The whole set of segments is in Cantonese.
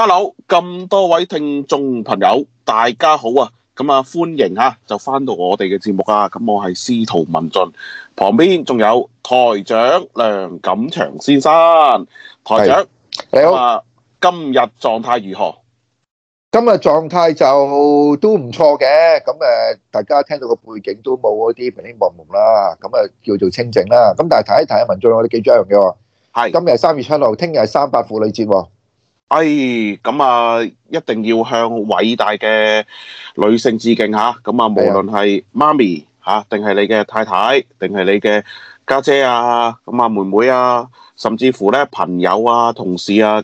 hello，咁多位聽眾朋友，大家好啊！咁啊，歡迎吓就返到我哋嘅節目啊！咁、啊、我係司徒文進，旁邊仲有台長梁錦祥先生。台長，啊、你好。啊！今日狀態如何？今日狀態就都唔錯嘅。咁誒，大家聽到個背景都冇嗰啲平平濛濛啦，咁啊叫做清靜啦。咁但係睇一睇啊，文進，我哋記住一樣嘢，係是今日係三月七號，聽日係三八婦女節。哎，咁啊，一定要向偉大嘅女性致敬吓，咁啊，無論係媽咪，定係你嘅太太，定係你嘅家姐呀，妹妹呀，甚至乎朋友呀，同事呀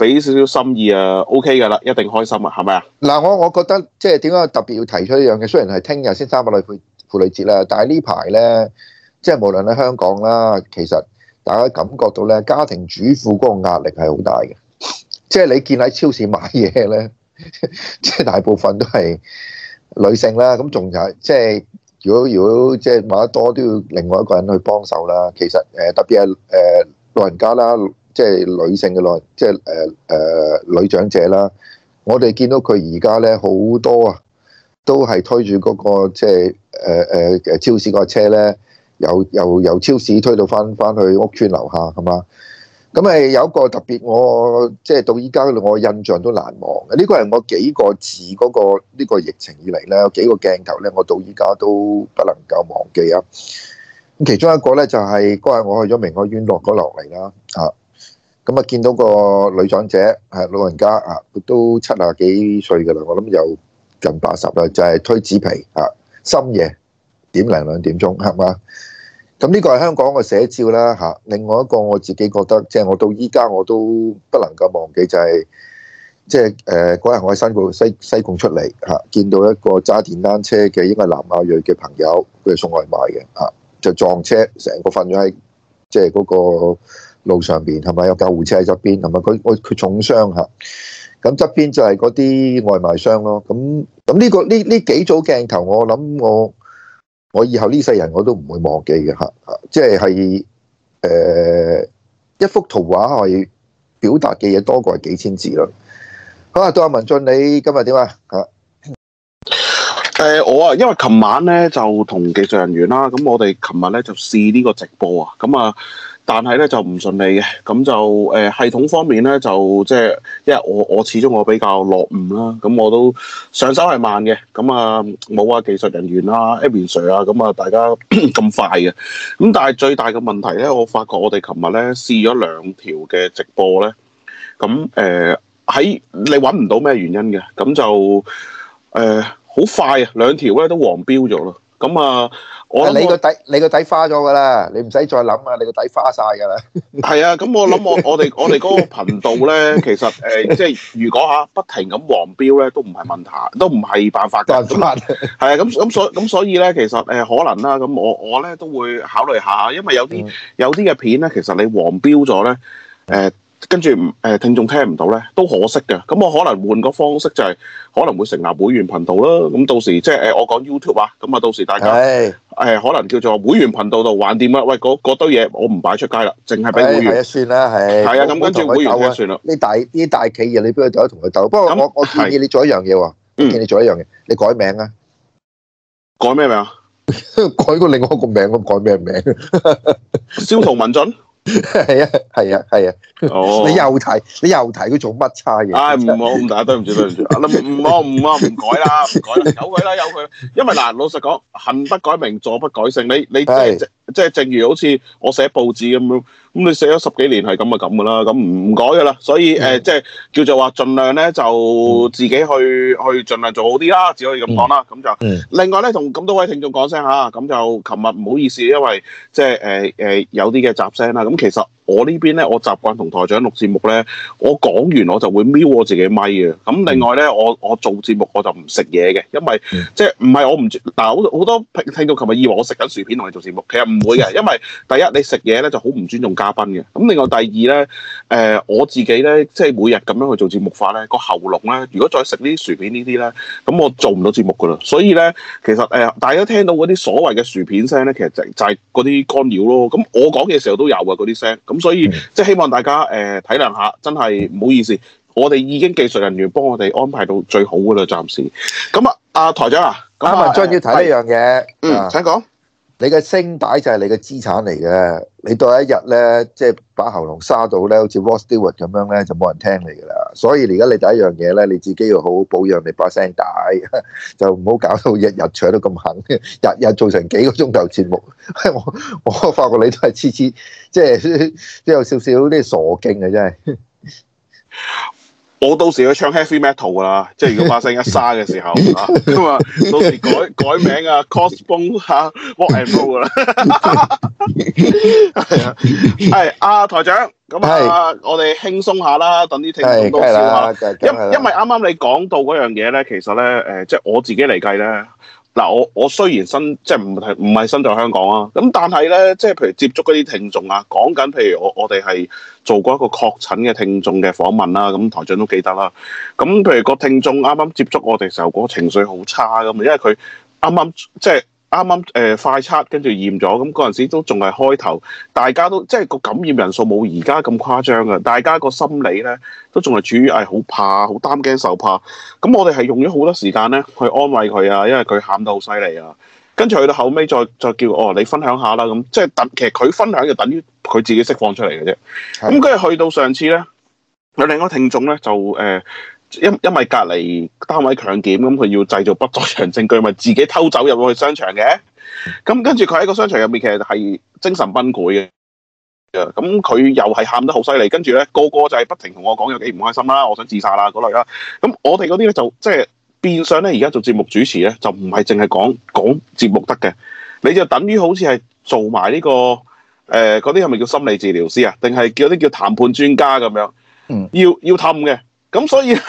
俾少少心意啊，OK 噶啦，一定開心啊，係咪啊？嗱，我我覺得即係點解特別要提出一樣嘅，雖然係聽日先三個女婦婦女節啦，但係呢排呢，即係無論喺香港啦，其實大家感覺到呢，家庭主婦嗰個壓力係好大嘅，即係你見喺超市買嘢呢，即 係大部分都係女性啦，咁仲有即係如果如果即係買得多都要另外一個人去幫手啦，其實誒特別係誒老人家啦。即係女性嘅老，即係誒誒女長者啦。我哋見到佢而家咧好多啊，那個，都係推住嗰個即係誒誒超市個車咧，由由由超市推到翻翻去屋邨樓下係嘛。咁誒有一個特別，就是，我即係到依家我印象都難忘嘅。呢，這個係我幾個字嗰，那個呢，這個疫情以嚟咧，幾個鏡頭咧，我到依家都不能夠忘記啊。咁其中一個咧就係嗰日我去咗明愛院落咗落嚟啦啊！咁啊，見到個女長者，係老人家啊，都七廿幾歲㗎啦，我諗有近八十啦，就係推紙皮啊，深夜點零兩點鐘，係嘛？咁呢個係香港嘅寫照啦，嚇！另外一個我自己覺得，即係我到依家我都不能夠忘記，就係即係誒嗰日我喺新界西西貢出嚟嚇，見到一個揸電單車嘅，應該係南亞裔嘅朋友，佢係送外賣嘅嚇，就撞車，成個瞓咗喺即係嗰個。路上邊係咪有救護車喺側邊？係咪佢佢佢重傷吓？咁側邊就係嗰啲外賣商咯。咁咁呢個呢呢幾組鏡頭，我諗我我以後呢世人我都唔會忘記嘅吓。即係誒一幅圖畫係表達嘅嘢多過係幾千字咯。好、啊、啦，到阿文進你今日點啊？吓誒、呃，我啊，因為琴晚咧就同技術人員啦、啊，咁我哋琴日咧就試呢個直播啊，咁啊。但係咧就唔順利嘅，咁就誒、呃、系統方面咧就即係，因為我我始終我比較落伍啦，咁我都上手係慢嘅，咁啊冇啊技術人員啊 admin 啊，咁啊 大家咁 快嘅，咁但係最大嘅問題咧，我發覺我哋琴日咧試咗兩條嘅直播咧，咁誒喺你揾唔到咩原因嘅，咁就誒好、呃、快啊兩條咧都黃標咗咯。咁啊！我，我你個底，你個底花咗噶啦，你唔使再諗 啊！你個底花晒噶啦。係啊，咁我諗我我哋我哋嗰個頻道咧，其實誒、呃，即係如果嚇、啊、不停咁黃標咧，都唔係問題，都唔係辦法嘅。咁啊，係啊，咁咁所咁所以咧，其實誒可能啦、啊。咁我我咧都會考慮下，因為有啲、嗯、有啲嘅片咧，其實你黃標咗咧誒。呃跟住誒聽眾聽唔到咧，都可惜嘅。咁我可能換個方式、就係，就係可能會成立會員頻道啦。咁到時即係誒我講 YouTube 啊，咁啊到時大家誒的可能叫做會員頻道度玩點啊？喂，嗰堆嘢我唔擺出街啦，淨係俾會員。係啊，算啦，係。係啊，咁跟住會員啊，算啦。呢大呢大企業你邊個第一同佢鬥？不過我、嗯、我，我建議你做一樣嘢喎，的建議你做一樣嘢、嗯，你改名啊。改咩名啊？ 改個另外一個名咯，改咩名？蕭 圖文進。係 啊，係啊，係啊，啊啊哦 你！你又提，你又提佢做乜差嘢？唉、呃，唔、呃、好，唔打家對唔住對唔住，唔好唔好唔改啦，唔改啦！由佢啦，由、呃、佢。因為嗱，老實講，行不改名，坐不改姓，你你、哎即係正如好似我寫報紙咁樣，咁你寫咗十幾年係咁就咁㗎啦，咁唔改㗎啦。所以誒，即係、嗯呃、叫做話，盡量咧就自己去、嗯、去盡量做好啲啦，只可以咁講啦。咁就、嗯、另外咧，同咁多位聽眾講聲嚇，咁就琴日唔好意思，因為即係誒誒有啲嘅雜聲啦。咁其實。我呢邊咧，我習慣同台長錄節目咧，我講完我就會瞄我自己咪嘅。咁另外咧，我我做節目我就唔食嘢嘅，因為即係唔係我唔但係好好多聽到琴日以為我食緊薯片同你做節目，其實唔會嘅。因為第一你食嘢咧就好唔尊重嘉賓嘅。咁另外第二咧，誒、呃、我自己咧，即係每日咁樣去做節目化咧，個喉嚨咧，如果再食呢啲薯片呢啲咧，咁我做唔到節目噶啦。所以咧，其實誒、呃，大家聽到嗰啲所謂嘅薯片聲咧，其實就就係嗰啲干擾咯。咁我講嘅時候都有啊嗰啲聲咁。所以即係希望大家誒、呃、體諒下，真係唔好意思，我哋已經技術人員幫我哋安排到最好嘅啦，暫時。咁啊，阿台長啊，今日將要睇一樣嘢，嗯，啊、請講。你嘅聲帶就係你嘅資產嚟嘅，你到一日咧，即係把喉嚨沙到咧，好似 Ross Stewart 咁樣咧，就冇人聽你噶啦。所以而家你第一樣嘢咧，你自己要好好保養你把聲帶，就唔好搞到日日搶到咁狠，日日做成幾個鐘頭節目。哎、我我發覺你都係黐黐，即係即係有少少啲傻勁嘅真係。我到時去唱 heavy metal 啦，即係如果把聲一沙嘅時候啊，咁 啊，到時改改名啊，Crossbone 嚇，what and who 啦，係啊，係 啊，啊，台長，咁啊，是我哋輕鬆下啦，等啲聽眾都笑下。因因為啱啱你講到嗰樣嘢咧，其實咧，誒、呃，即係我自己嚟計咧。嗱、啊，我我雖然身即係唔係唔係身在香港啊，咁但係咧，即係譬如接觸嗰啲聽眾啊，講緊譬如我我哋係做過一個確診嘅聽眾嘅訪問啦，咁、嗯、台長都記得啦。咁、嗯、譬如個聽眾啱啱接觸我哋時候，嗰、嗰個情緒好差咁，因為佢啱啱即係。啱啱誒快測跟住驗咗，咁嗰陣時都仲係開頭，大家都即係個感染人數冇而家咁誇張啊！大家個心理咧都仲係處於係好、哎、好怕、好擔驚受怕。咁我哋係用咗好多時間咧去安慰佢啊，因為佢喊得好犀利啊。跟住去到後尾再再叫哦，你分享下啦咁，即係等其實佢分享就等於佢自己釋放出嚟嘅啫。咁跟住去到上次咧，有另一個聽眾咧就誒。呃因因為隔籬單位強檢，咁佢要製造不在場證據，咪自己偷走入去商場嘅。咁跟住佢喺個商場入面，其實係精神崩潰嘅。啊，咁佢又係喊得好犀利，跟住咧個個就係不停同我講有幾唔開心啦，我想自殺啦嗰類啦。咁我哋嗰啲咧就即係、就是、變相咧，而家做節目主持咧就唔係淨係講講節目得嘅，你就等於好似係做埋呢、這個誒嗰啲係咪叫心理治療師啊？定係叫啲叫談判專家咁樣？嗯、要要氹嘅。咁所以咧，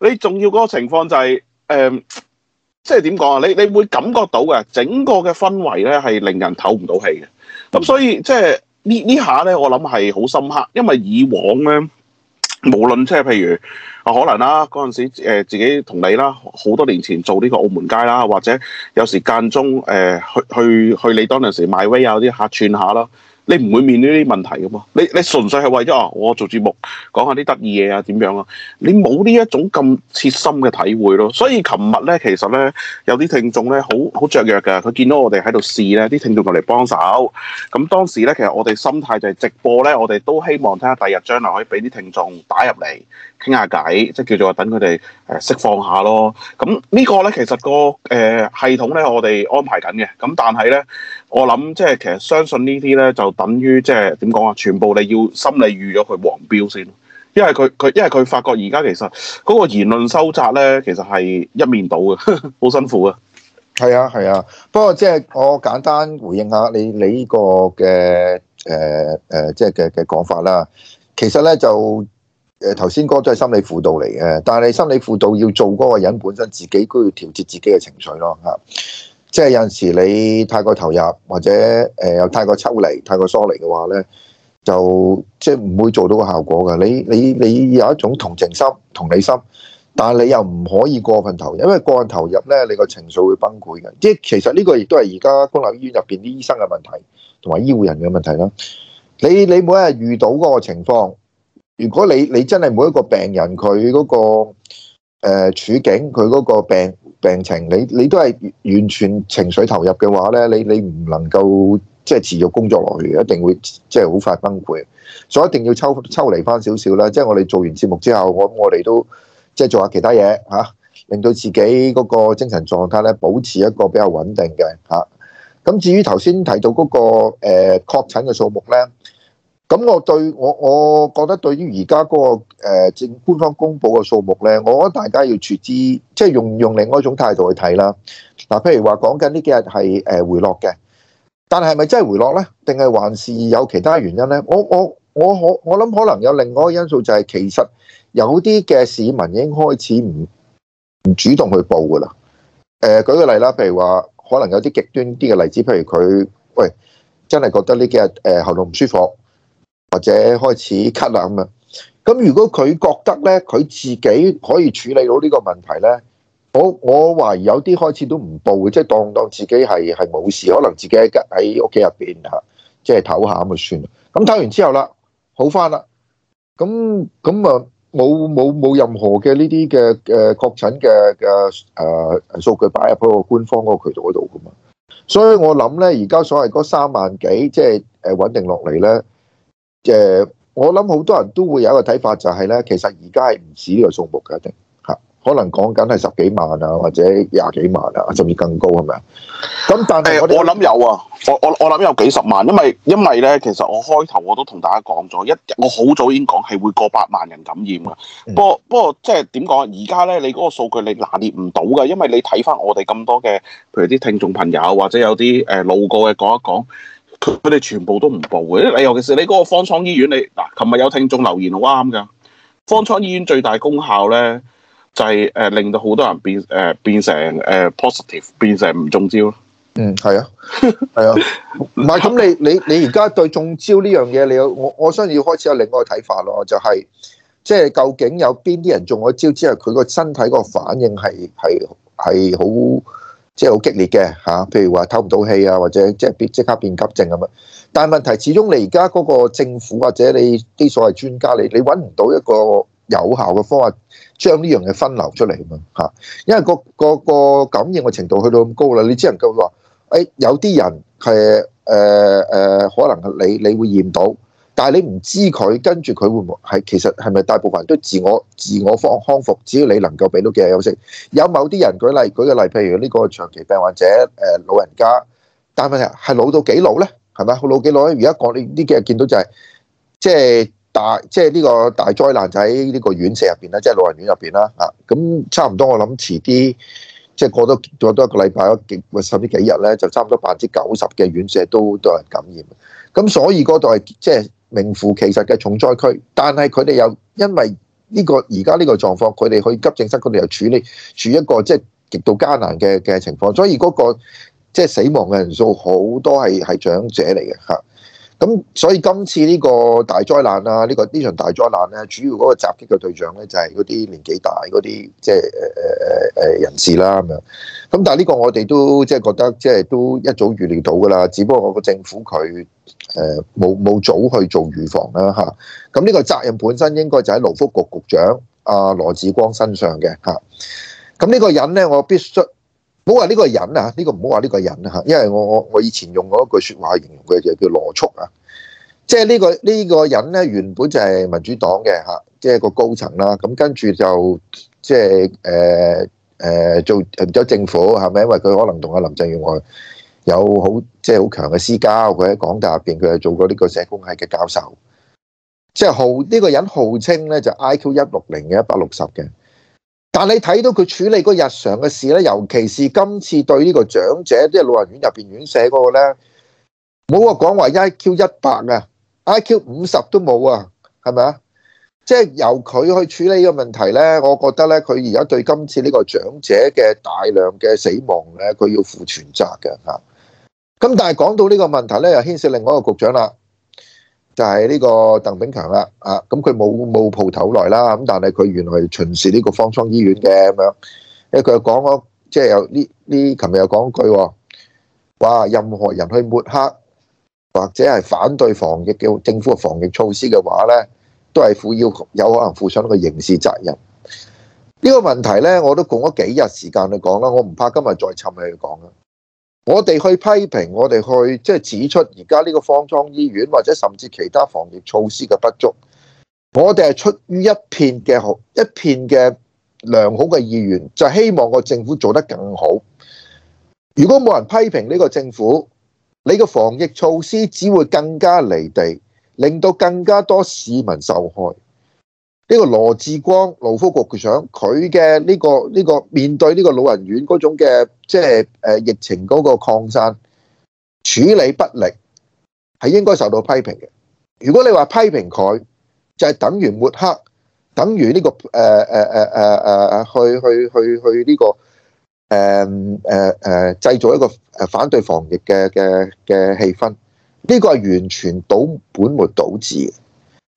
你重要嗰個情況就係、是，誒、呃，即係點講啊？你你會感覺到嘅整個嘅氛圍咧，係令人透唔到氣嘅。咁所以即係呢呢下咧，我諗係好深刻，因為以往咧，無論即係譬如啊，可能啦嗰陣時、呃、自己同你啦，好多年前做呢個澳門街啦，或者有時間中誒、呃、去去去你當陣時買威啊啲客串下啦。你唔會面對呢啲問題噶嘛？你你純粹係為咗啊、哦，我做節目講下啲得意嘢啊，點樣啊？你冇呢一種咁切心嘅體會咯。所以琴日咧，其實咧，有啲聽眾咧，好好雀躍㗎。佢見到我哋喺度試咧，啲聽眾就嚟幫手。咁、嗯、當時咧，其實我哋心態就係直播咧，我哋都希望睇下第日將來可以俾啲聽眾打入嚟。傾下偈，即係叫做等佢哋誒釋放下咯。咁、這個、呢個咧，其實、那個誒、呃、系統咧，我哋安排緊嘅。咁但係咧，我諗即係其實相信呢啲咧，就等於即係點講啊？全部你要心理預咗佢黃標先，因為佢佢因為佢發覺而家其實嗰、那個言論收窄咧，其實係一面倒嘅，好辛苦嘅。係啊係啊，不過即係我簡單回應下你你呢個嘅誒誒即係嘅嘅講法啦。其實咧就。誒頭先哥都係心理輔導嚟嘅，但係你心理輔導要做嗰個人本身自己都要調節自己嘅情緒咯嚇。即係有陣時你太過投入或者誒又、呃、太過抽離、太過疏離嘅話咧，就即係唔會做到個效果嘅。你你你有一種同情心、同理心，但係你又唔可以過分投入，因為過分投入咧，你個情緒會崩潰嘅。即係其實呢個亦都係而家公立醫院入邊啲醫生嘅問題同埋醫護人嘅問題啦。你你每一日遇到嗰個情況，如果你你真係每一個病人佢嗰個誒處境，佢嗰個病病情，你你都係完全情緒投入嘅話咧，你你唔能夠即係持續工作落去，一定會即係好快崩潰，所以一定要抽抽離翻少少啦。即係我哋做完節目之後，我我哋都即係做下其他嘢吓，令到自己嗰個精神狀態咧，保持一個比較穩定嘅吓。咁至於頭先提到嗰個誒確診嘅數目咧。咁我對我我覺得對於而家嗰個誒政、呃、官方公布嘅數目咧，我覺得大家要揣知，即係用用另外一種態度去睇啦。嗱、呃，譬如話講緊呢幾日係誒回落嘅，但係係咪真係回落咧？定係還是有其他原因咧？我我我可我諗可能有另外一個因素就係其實有啲嘅市民已經開始唔唔主動去報㗎啦。誒、呃，舉個例啦，譬如話可能有啲極端啲嘅例子，譬如佢喂真係覺得呢幾日誒、呃、喉嚨唔舒服。或者開始咳啦咁啊，咁如果佢覺得咧，佢自己可以處理到呢個問題咧，我我懷疑有啲開始都唔報嘅，即係當當自己係係冇事，可能自己喺屋企入邊吓，即係唞下咁啊，算啦。咁唞完之後啦，好翻啦，咁咁啊，冇冇冇任何嘅呢啲嘅誒確診嘅嘅誒數據擺入嗰個官方嗰個渠道度噶嘛，所以我諗咧，而家所謂嗰三萬幾，即係誒穩定落嚟咧。誒、呃，我諗好多人都會有一個睇法，就係咧，其實而家係唔止呢個數目嘅，一定吓，可能講緊係十幾萬啊，或者廿幾萬啊，甚至更高係咪啊？咁但係我諗有,、欸、有啊，我我我諗有幾十萬，因為因為咧，其實我開頭我都同大家講咗，一我好早已經講係會過百萬人感染噶、嗯。不過不過即係點講啊？而家咧，你嗰個數據你拿捏唔到噶，因為你睇翻我哋咁多嘅，譬如啲聽眾朋友或者有啲誒路過嘅講一講。佢哋全部都唔報嘅，誒，尤其是你嗰個方艙醫院，你嗱，琴日有聽眾留言好啱噶，方艙醫院最大功效咧就係、是、誒、呃、令到好多人變誒、呃、變成誒 positive，呃、變成唔中招咯。嗯，係啊，係啊，唔係咁你你你而家對中招呢樣嘢，你有我，我相信要開始有另外嘅睇法咯，就係即係究竟有邊啲人中咗招之後，佢個身體個反應係係係好？即係好激烈嘅，吓，譬如話透唔到氣啊，或者即係即刻變急症咁樣。但係問題始終你而家嗰個政府或者你啲所謂專家，你你揾唔到一個有效嘅方法，將呢樣嘢分流出嚟嘛。吓，因為、嗰個、嗰個感染嘅程度去到咁高啦，你只能夠話誒，有啲人係誒誒，可能你你會驗到。但係你唔知佢，跟住佢會唔會其實係咪大部分人都自我自我康康復？只要你能夠俾到幾日休息，有某啲人舉例舉個例，譬如呢個長期病患者誒、呃、老人家，但係問係老到幾老咧？係咪？佢老到幾老咧？而家講呢呢幾日見到就係即係大即係呢個大災難就喺呢個院舍入邊啦，即、就、係、是、老人院入邊啦嚇。咁、啊、差唔多我諗遲啲即係過多過多一個禮拜甚至幾日咧，就差唔多百分之九十嘅院舍都都有人感染。咁所以嗰度係即係。名副其實嘅重災區，但係佢哋又因為呢、這個而家呢個狀況，佢哋去急症室嗰度又處理處理一個即係極度艱難嘅嘅情況，所以嗰、那個即係死亡嘅人數好多係係長者嚟嘅嚇。咁所以今次呢個大災難啊，呢、這個呢場大災難咧、啊，主要嗰個襲擊嘅對象咧就係嗰啲年紀大嗰啲即係誒誒誒誒人士啦咁樣。咁但係呢個我哋都即係、就是、覺得即係、就是、都一早預料到噶啦，只不過我個政府佢誒冇冇早去做預防啦嚇。咁、啊、呢個責任本身應該就喺勞福局局長阿、啊、羅致光身上嘅嚇。咁、啊、呢個人咧，我必須。唔好話呢個人啊，呢個唔好話呢個人吓，因為我我以前用過一句說話形容佢就叫羅素啊，即係呢個呢個人咧原本就係民主黨嘅，吓，即係個高層啦，咁跟住就即係誒誒做入咗政府係咪？因為佢可能同阿林鄭月娥有好即係好強嘅私交。佢喺港大入邊，佢係做過呢個社工係嘅教授，即係號呢個人號稱咧就 I Q 一六零嘅一百六十嘅。但你睇到佢處理嗰日常嘅事咧，尤其是今次對呢個長者，即係老人院入邊院舍嗰個咧，冇好話講話 I Q 一百啊，I Q 五十都冇啊，係咪啊？即係由佢去處理呢個問題咧，我覺得咧，佢而家對今次呢個長者嘅大量嘅死亡咧，佢要負全責嘅吓。咁但係講到呢個問題咧，又牽涉另外一個局長啦。就係呢個鄧炳強啦，啊，咁佢冇冇蒲頭來啦，咁但係佢原來巡視呢個方艙醫院嘅，咁樣，因為佢又講咗，即係有呢呢，琴日又講句，哇，任何人去抹黑或者係反對防疫嘅政府嘅防疫措施嘅話咧，都係負要求，有可能負上一個刑事責任。呢個問題咧，我都共咗幾日時間去講啦，我唔怕今日再深入去講啦。我哋去批評，我哋去即係指出而家呢個方艙醫院或者甚至其他防疫措施嘅不足，我哋係出於一片嘅好一片嘅良好嘅意願，就希望個政府做得更好。如果冇人批評呢個政府，你嘅防疫措施只會更加離地，令到更加多市民受害。呢個羅致光勞福局局長，佢嘅呢個呢個面對呢個老人院嗰種嘅即係誒疫情嗰個擴散處理不力，係應該受到批評嘅。如果你話批評佢，就係等於抹黑，等於呢個誒誒誒誒誒去去去去呢個誒誒誒製造一個誒反對防疫嘅嘅嘅氣氛。呢個係完全倒本末倒置。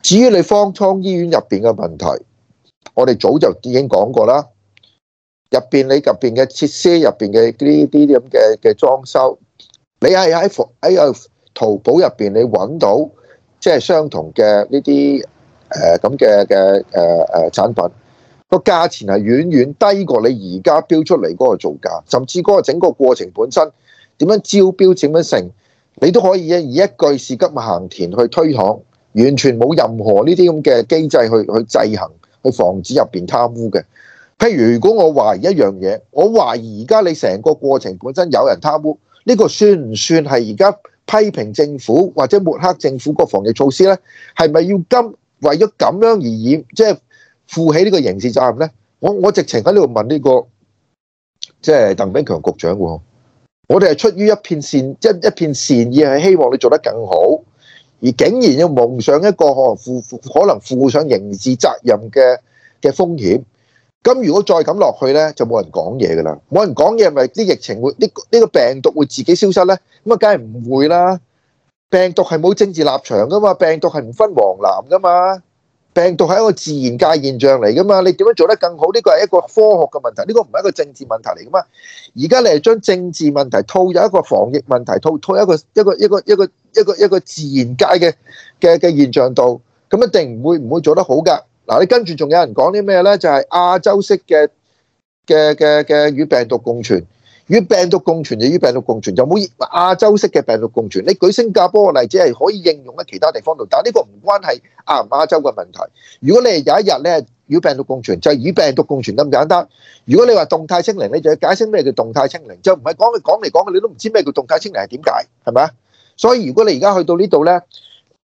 至於你方艙醫院入邊嘅問題，我哋早就已經講過啦。入邊你入邊嘅設施，入邊嘅呢啲咁嘅嘅裝修，你係喺喺個淘寶入邊你揾到，即係相同嘅呢啲誒咁嘅嘅誒誒產品，個價錢係遠遠低過你而家標出嚟嗰個造價，甚至嗰個整個過程本身點樣招標，點樣成，你都可以以一句事急馬行田去推搪。完全冇任何呢啲咁嘅機制去去制衡，去防止入邊貪污嘅。譬如如果我懷疑一樣嘢，我懷疑而家你成個過程本身有人貪污，呢、這個算唔算係而家批評政府或者抹黑政府個防疫措施咧？係咪要今為咗咁樣而染，即係負起呢個刑事責任咧？我我直情喺呢度問呢、這個即係鄧炳強局長，我哋係出於一片善，一一片善意係希望你做得更好。而竟然要蒙上一個可能負可能負上刑事責任嘅嘅風險，咁如果再咁落去呢，就冇人講嘢噶啦，冇人講嘢，咪啲疫情會呢呢、呢個病毒會自己消失呢？咁啊，梗係唔會啦，病毒係冇政治立場噶嘛，病毒係唔分黃藍噶嘛。病毒係一個自然界現象嚟噶嘛？你點樣做得更好？呢個係一個科學嘅問題，呢個唔係一個政治問題嚟噶嘛？而家你係將政治問題套入一個防疫問題，套拖一個一個一個一個一個一個，一個自然界嘅嘅嘅現象度，咁一定唔會唔會做得好噶。嗱，你跟住仲有人講啲咩呢？就係、是、亞洲式嘅嘅嘅嘅與病毒共存。與病毒共存就與病毒共存，就冇亞洲式嘅病毒共存。你舉新加坡嘅例子係可以應用喺其他地方度，但係呢個唔關係亞唔亞洲嘅問題。如果你係有一日咧，與病毒共存就係與病毒共存咁簡單。如果你話動態清零，你就要解釋咩叫動態清零，就唔係講嚟講去，你都唔知咩叫動態清零係點解，係咪啊？所以如果你而家去到呢度咧，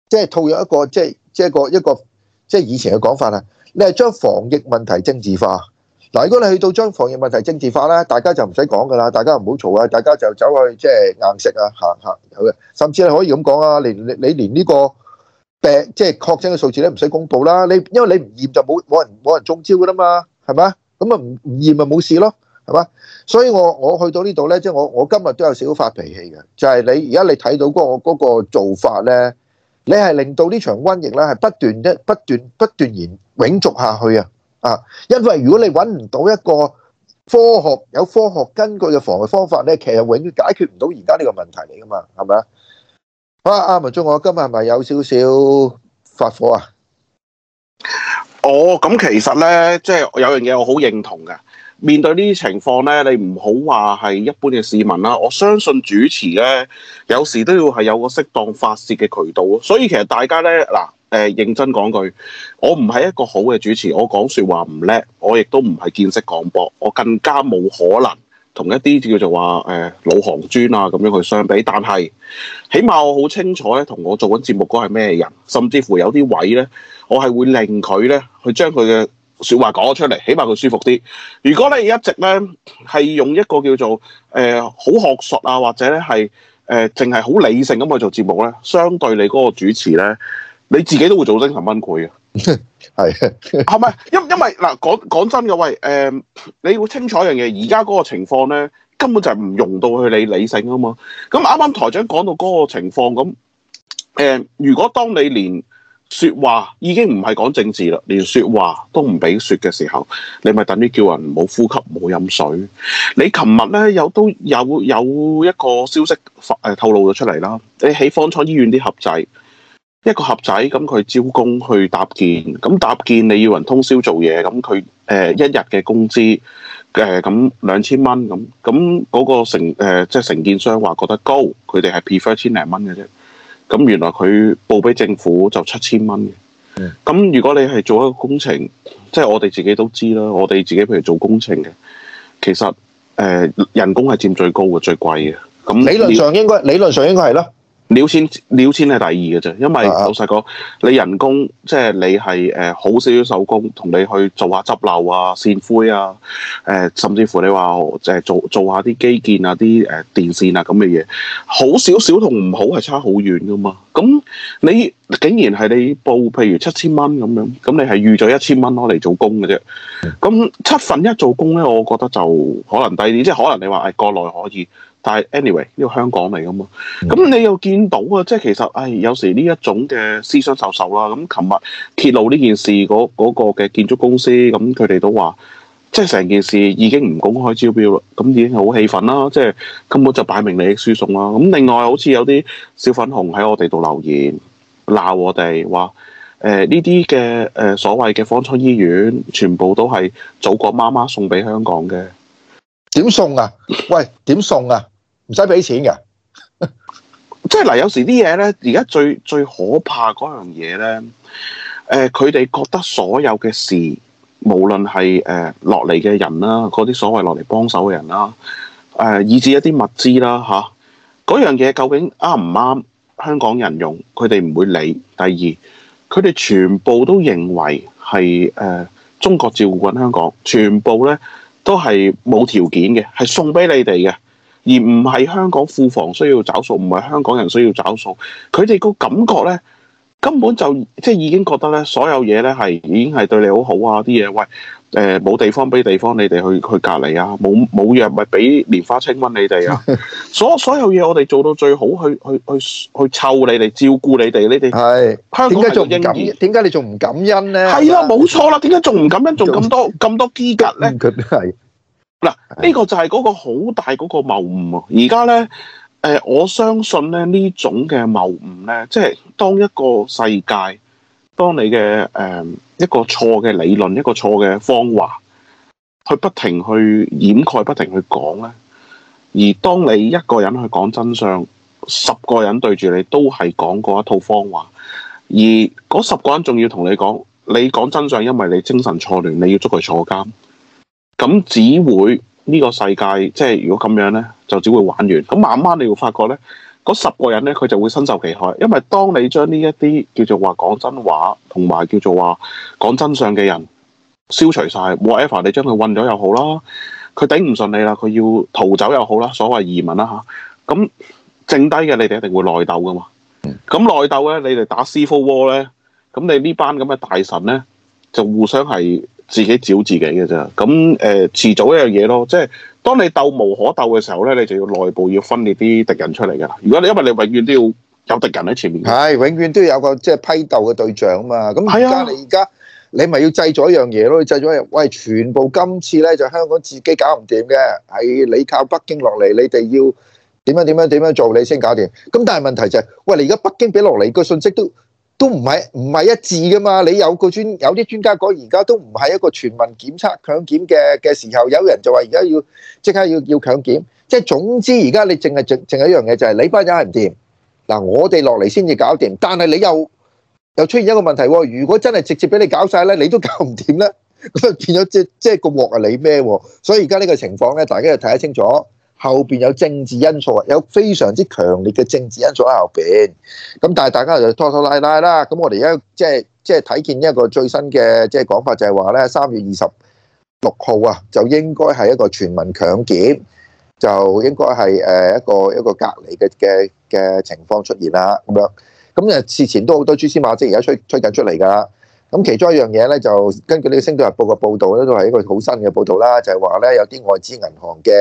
即係套用一個，即係即係個一個，即係以前嘅講法啊，你係將防疫問題政治化，嗱，如果你去到將防疫問題政治化咧，大家就唔使講噶啦，大家唔好嘈啊，大家就走去即係硬食啊嚇嚇，好嘅，甚至你可以咁講啊，連你你連呢個病即係確診嘅數字咧，唔使公布啦，你因為你唔驗就冇冇人冇人中招噶啦嘛，係嘛？咁啊唔唔驗咪冇事咯，係嘛？所以我我去到呢度咧，即係我我今日都有少少發脾氣嘅，就係你而家你睇到嗰嗰個做法咧，你係令到呢場瘟疫咧係不斷一不斷不斷延永續下去啊！啊！因為如果你揾唔到一個科學有科學根據嘅防疫方法咧，其實永遠解決唔到而家呢個問題嚟噶嘛，係咪啊？好啦，阿文忠，我今日係咪有少少發火啊？哦，咁其實咧，即係有樣嘢我好認同嘅，面對呢啲情況咧，你唔好話係一般嘅市民啦。我相信主持咧，有時都要係有個適當發泄嘅渠道。所以其實大家咧嗱。誒、呃，認真講句，我唔係一個好嘅主持，我講説話唔叻，我亦都唔係見識廣博，我更加冇可能同一啲叫做話誒、呃、老行尊啊咁樣去相比。但係，起碼我好清楚咧，同我做緊節目嗰係咩人，甚至乎有啲位呢，我係會令佢呢去將佢嘅説話講咗出嚟，起碼佢舒服啲。如果咧一直呢係用一個叫做誒好、呃、學術啊，或者呢係誒淨係好理性咁去做節目呢，相對你嗰個主持呢。你自己都會做精神崩潰嘅，係啊，係咪？因為因為嗱，講講真嘅喂，誒、呃，你要清楚一樣嘢，而家嗰個情況咧，根本就係唔容到去你理性啊嘛。咁啱啱台長講到嗰個情況咁，誒、呃，如果當你連說話已經唔係講政治啦，連說話都唔俾説嘅時候，你咪等於叫人冇呼吸冇飲水。你琴日咧有都有有一個消息誒、呃、透露咗出嚟啦，你喺方艙醫院啲合制。一個盒仔咁，佢招工去搭建，咁搭建你要人通宵做嘢，咁佢誒一日嘅工資誒咁兩千蚊咁，咁嗰個承誒即係承建商話覺得高，佢哋係 prefer 千零蚊嘅啫，咁原來佢報俾政府就七千蚊嘅，咁如果你係做一個工程，即係我哋自己都知啦，我哋自己譬如做工程嘅，其實誒人工係佔最高嘅，最貴嘅，咁理論上應該理論上應該係咯。料錢料錢係第二嘅啫，因為老實講，啊、你人工即係、就是、你係誒好少少手工，同你去做下執漏啊、扇灰啊，誒、呃、甚至乎你話誒做做下啲基建啊、啲誒電線啊咁嘅嘢，好少少同唔好係差好遠噶嘛。咁你竟然係你報譬如七千蚊咁樣，咁你係預咗一千蚊攞嚟做工嘅啫。咁、嗯、七份一做工咧，我覺得就可能低啲，即、就、係、是、可能你話誒、哎、國內可以。但 anyway 呢個香港嚟噶嘛？咁、嗯、你又見到啊，即係其實，唉、哎，有時呢一種嘅思想受受啦。咁琴日揭露呢件事，嗰、嗰個嘅建築公司，咁佢哋都話，即係成件事已經唔公開招標啦，咁已經好氣憤啦，即係根本就擺明利益輸送啦。咁另外，好似有啲小粉紅喺我哋度留言鬧我哋話，誒呢啲嘅誒所謂嘅方艙醫院，全部都係祖國媽媽送俾香港嘅，點送啊？喂，點送啊？唔使俾錢嘅， 即係嗱，有時啲嘢咧，而家最最可怕嗰樣嘢咧，誒、呃，佢哋覺得所有嘅事，無論係誒落嚟嘅人啦，嗰啲所謂落嚟幫手嘅人啦，誒、呃，以至一啲物資啦，嚇、啊，嗰樣嘢究竟啱唔啱香港人用？佢哋唔會理。第二，佢哋全部都認為係誒、呃、中國照顧緊香港，全部咧都係冇條件嘅，係送俾你哋嘅。而唔係香港庫房需要找數，唔係香港人需要找數。佢哋個感覺咧，根本就即係已經覺得咧，所有嘢咧係已經係對你好好啊！啲嘢，喂，誒冇地方俾地方你哋去去隔離啊！冇冇藥咪俾蓮花清瘟你哋啊！所所有嘢我哋做到最好，去去去去湊你哋照顧你哋，你哋係香港係感恩，點解你仲唔感恩咧？係啦，冇錯啦，點解仲唔感恩？仲咁多咁多資格咧？佢係。呢個就係嗰個好大嗰個謬誤啊，而家呢，呃，我相信咧呢種嘅謬誤呢，即係當一個世界，當你嘅誒、呃、一個錯嘅理論，一個錯嘅方話，去不停去掩蓋，不停去講呢，而當你一個人去講真相，十個人對住你都係講過一套方話，而嗰十個人仲要同你講，你講真相，因為你精神錯亂，你要捉佢坐監。咁只會呢、呢個世界，即係如果咁樣呢，就只會玩完。咁慢慢你會發覺呢，嗰十個人呢，佢就會深受其害，因為當你將呢一啲叫做話講真話同埋叫做話講真相嘅人消除晒 whatever 你將佢混咗又好啦，佢頂唔順你啦，佢要逃走又好啦，所謂移民啦嚇。咁、啊、剩低嘅你哋一定會內鬥噶嘛。咁內鬥呢，你哋打 Civil War 呢，咁你呢班咁嘅大神呢，就互相係。自己找自己嘅啫，咁誒、呃、遲早一樣嘢咯，即係當你鬥無可鬥嘅時候咧，你就要內部要分裂啲敵人出嚟噶。如果你因為你永遠都要有敵人喺前面，係永遠都要有個即係批鬥嘅對象啊嘛。咁而家你而家你咪要製咗一樣嘢咯，製咗一樣嘢，喂全部今次咧就香港自己搞唔掂嘅，係你靠北京落嚟，你哋要點樣點樣點樣做你先搞掂。咁但係問題就係、是，喂你而家北京俾落嚟個信息都。都唔係唔係一致噶嘛？你有個專有啲專家講，而家都唔係一個全民檢測強檢嘅嘅時候，有人就話而家要即刻要要強檢，即係總之而家你淨係淨淨係一樣嘢就係你班人唔掂，嗱，我哋落嚟先至搞掂，但係你又又出現一個問題喎，如果真係直接俾你搞晒咧，你都搞唔掂咧，咁就變咗即即係個鑊係你咩？所以而家呢個情況咧，大家要睇得清楚。後邊有政治因素啊，有非常之強烈嘅政治因素喺後邊。咁但係大家就拖拖拉拉啦。咁我哋而家即係即係睇見一個最新嘅即係講法，就係話咧，三月二十六號啊，就應該係一個全民強檢，就應該係誒一個一個隔離嘅嘅嘅情況出現啦。咁樣咁誒事前都好多蛛絲馬跡，而家吹吹緊出嚟㗎。咁其中一樣嘢咧，就根據呢個《星島日報》嘅報導咧，都係一個好新嘅報導啦，就係話咧有啲外資銀行嘅。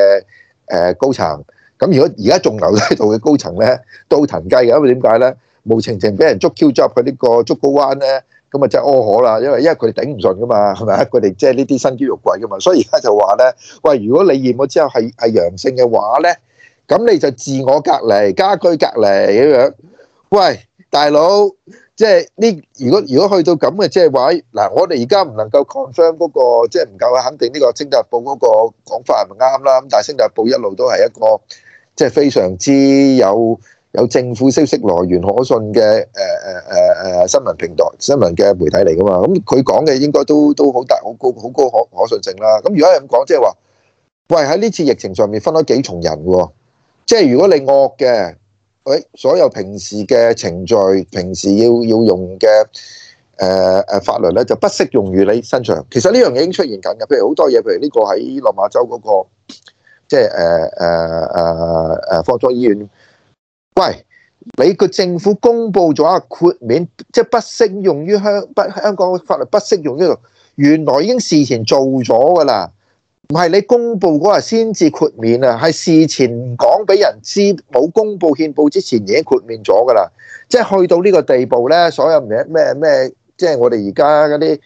誒高層咁，如果而家仲留喺度嘅高層咧，都騰雞嘅，因為點解咧？無情情俾人捉咗入去呢個竹篙灣咧，咁啊真係可可啦，因為因為佢哋頂唔順噶嘛，係咪啊？佢哋即係呢啲身嬌肉貴噶嘛，所以而家就話咧，喂，如果你驗咗之後係係陽性嘅話咧，咁你就自我隔離、家居隔離咁樣。喂，大佬。即係呢？如果如果去到咁嘅，即係話嗱，我哋而家唔能夠 confirm 嗰個，即係唔夠肯定呢個《星島日報》嗰個講法係咪啱啦？咁但係《星島日報》一路都係一個即係非常之有有政府消息來源可信嘅誒誒誒誒新聞平台、新聞嘅媒體嚟㗎嘛。咁佢講嘅應該都都好大、好高、好高可可信性啦。咁如果係咁講，即係話，喂，喺呢次疫情上面分咗幾重人喎？即係如果你惡嘅。喂，所有平時嘅程序，平時要要用嘅誒誒法律咧，就不適用於你身上。其實呢樣嘢已經出現緊嘅，譬如好多嘢，譬如呢個喺落馬洲嗰、那個，即係誒誒誒誒方艙醫院。喂，你個政府公布咗一個豁免，即、就、係、是、不適用於香不香港法律不適用於度，原來已經事前做咗噶啦。唔係你公布嗰日先至豁免啊，係事前講俾人知，冇公布憲報之前已經豁免咗噶啦。即係去到呢個地步咧，所有咩咩咩，即係我哋而家嗰啲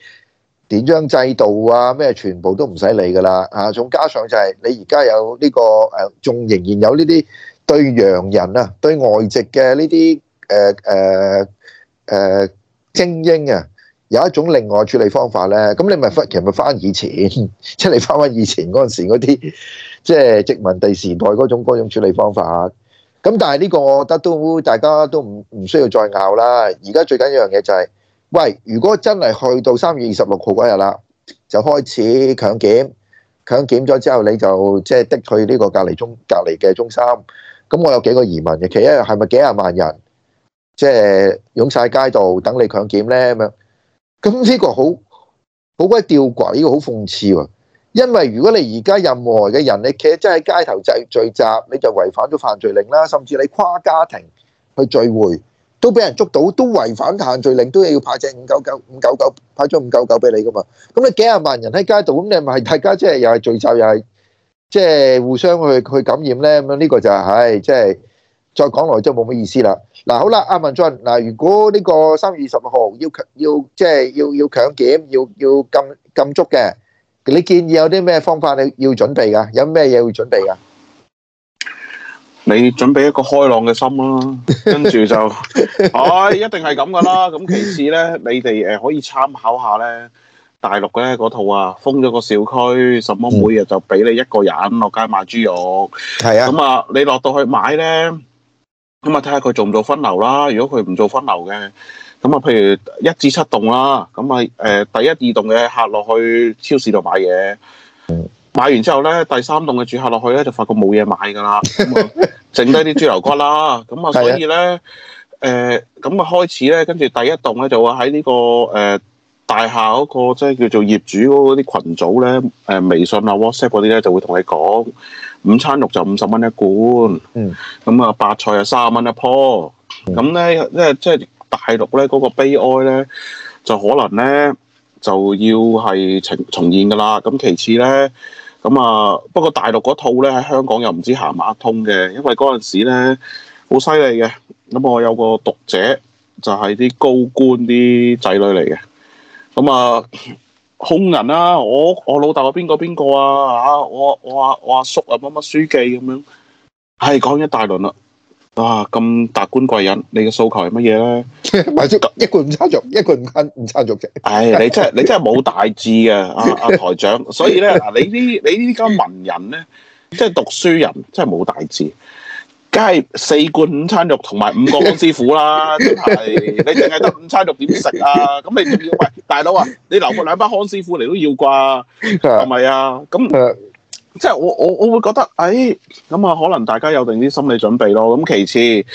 典章制度啊，咩全部都唔使理噶啦啊！仲加上就係你而家有呢個誒，仲仍然有呢啲對洋人啊，對外籍嘅呢啲誒誒誒精英啊。有一種另外處理方法咧，咁你咪忽其咪翻以前，即係翻翻以前嗰陣時嗰啲，即 係殖民地時代嗰種嗰種處理方法。咁但係呢個，我覺得都大家都唔唔需要再拗啦。而家最緊要樣嘢就係，喂，如果真係去到三月二十六號嗰日啦，就開始強檢，強檢咗之後你就即係的去呢個隔離中隔離嘅中心。咁我有幾個疑問嘅，其一係咪幾廿萬人即係湧曬街度等你強檢咧？咁樣？咁呢個好好鬼吊詭喎，好諷刺喎！因為如果你而家任何嘅人，你企真喺街頭就聚集，你就違反咗犯罪令啦。甚至你跨家庭去聚會，都俾人捉到，都違反限聚令，都要派隻五九九五九九派咗五九九俾你噶嘛。咁你幾廿萬人喺街度，咁你係咪大家即係又係聚集，又係即係互相去去感染咧？咁樣呢個就係唉，即係再講落真冇乜意思啦。嗱好啦，阿文俊，嗱，如果呢個三月二十六號要強，要即係要要強檢，要要禁禁足嘅，你建議有啲咩方法？你要準備噶，有咩嘢要準備噶？你準備一個開朗嘅心啦，跟住就，唉，一定係咁噶啦。咁其次咧，你哋誒可以參考下咧，大陸嘅嗰套啊，封咗個小區，什麼每日就俾你一個人落街買豬肉，係啊，咁啊，你落到去買咧。咁啊，睇下佢做唔做分流啦。如果佢唔做分流嘅，咁啊，譬如一至七棟啦，咁啊，誒、呃、第一二棟嘅客落去超市度買嘢，買完之後咧，第三棟嘅住客落去咧就發覺冇嘢買㗎啦， 剩低啲豬油骨啦。咁啊，所以咧，誒咁啊，開始咧，跟住第一棟咧就會喺呢個誒、呃、大廈嗰、嗰個即係叫做業主嗰啲群組咧，誒、呃、微信啊 WhatsApp 嗰啲咧就會同你講。午餐肉就五十蚊一罐，咁啊、嗯、白菜啊三十蚊一樖，咁咧即係即係大陸咧嗰個悲哀咧，就可能咧就要係重重現㗎喇。咁其次咧，咁啊不過大陸嗰套咧喺香港又唔知行唔行得通嘅，因為嗰陣時咧好犀利嘅。咁我有個讀者就係、是、啲高官啲仔女嚟嘅，咁啊。空人啦、啊！我我老豆啊，邊個邊個啊？啊！我我阿我阿叔啊，乜乜書記咁樣，係講一大輪啦！啊，咁達官貴人，你嘅訴求係乜嘢咧？秘書， 一個唔差着，一個唔唔差着嘅。唉，你真係你真係冇大志嘅，阿阿、 啊啊、台長。所以咧，嗱，你呢你呢家文人咧，即係讀書人，真係冇大志。梗係四罐午餐肉同埋五個康師傅啦，定係 你淨係得午餐肉點食啊？咁你，仲要喂，大佬啊，你留翻兩包康師傅嚟，都要啩？係咪 啊？咁，即係我我我會覺得，哎，咁啊，可能大家有定啲心理準備咯。咁其次，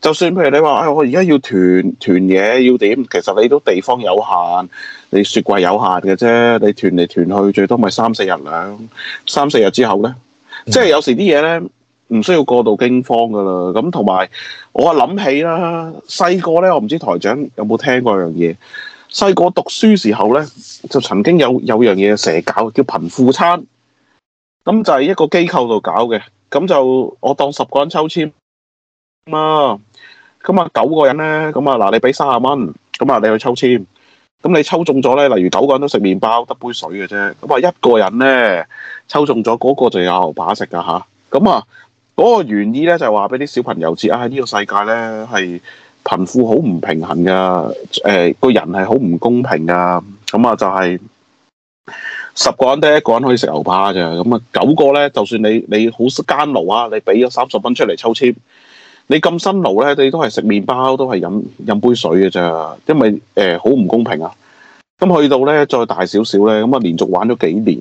就算譬如你話，哎，我而家要團團嘢要點？其實你都地方有限，你雪櫃有限嘅啫。你團嚟團去，最多咪三四日兩，三四日之後咧，嗯、即係有時啲嘢咧。唔需要過度驚慌噶啦，咁同埋我諗起啦，細個咧，我唔知台長有冇聽過樣嘢。細個讀書時候咧，就曾經有有樣嘢成日搞，叫貧富餐。咁就係一個機構度搞嘅，咁就我當十個人抽籤啦。咁啊九個人咧，咁啊嗱你俾三十蚊，咁啊你去抽籤。咁你抽中咗咧，例如九個人都食麵包得杯水嘅啫。咁啊一個人咧抽中咗嗰個就有牛扒食噶吓，咁啊～嗰個原意咧就係話俾啲小朋友知啊，呢、哎這個世界咧係貧富好唔平衡噶，誒、呃、個人係好唔公平噶，咁啊就係、是、十個人得一個人可以食牛扒咋，咁、嗯、啊九個咧就算你你好辛勞啊，你俾咗三十蚊出嚟抽籤，你咁辛勞咧你都係食麪包，都係飲飲杯水嘅咋，因為誒好唔公平啊。咁、嗯、去到咧再大少少咧，咁、嗯、啊連續玩咗幾年，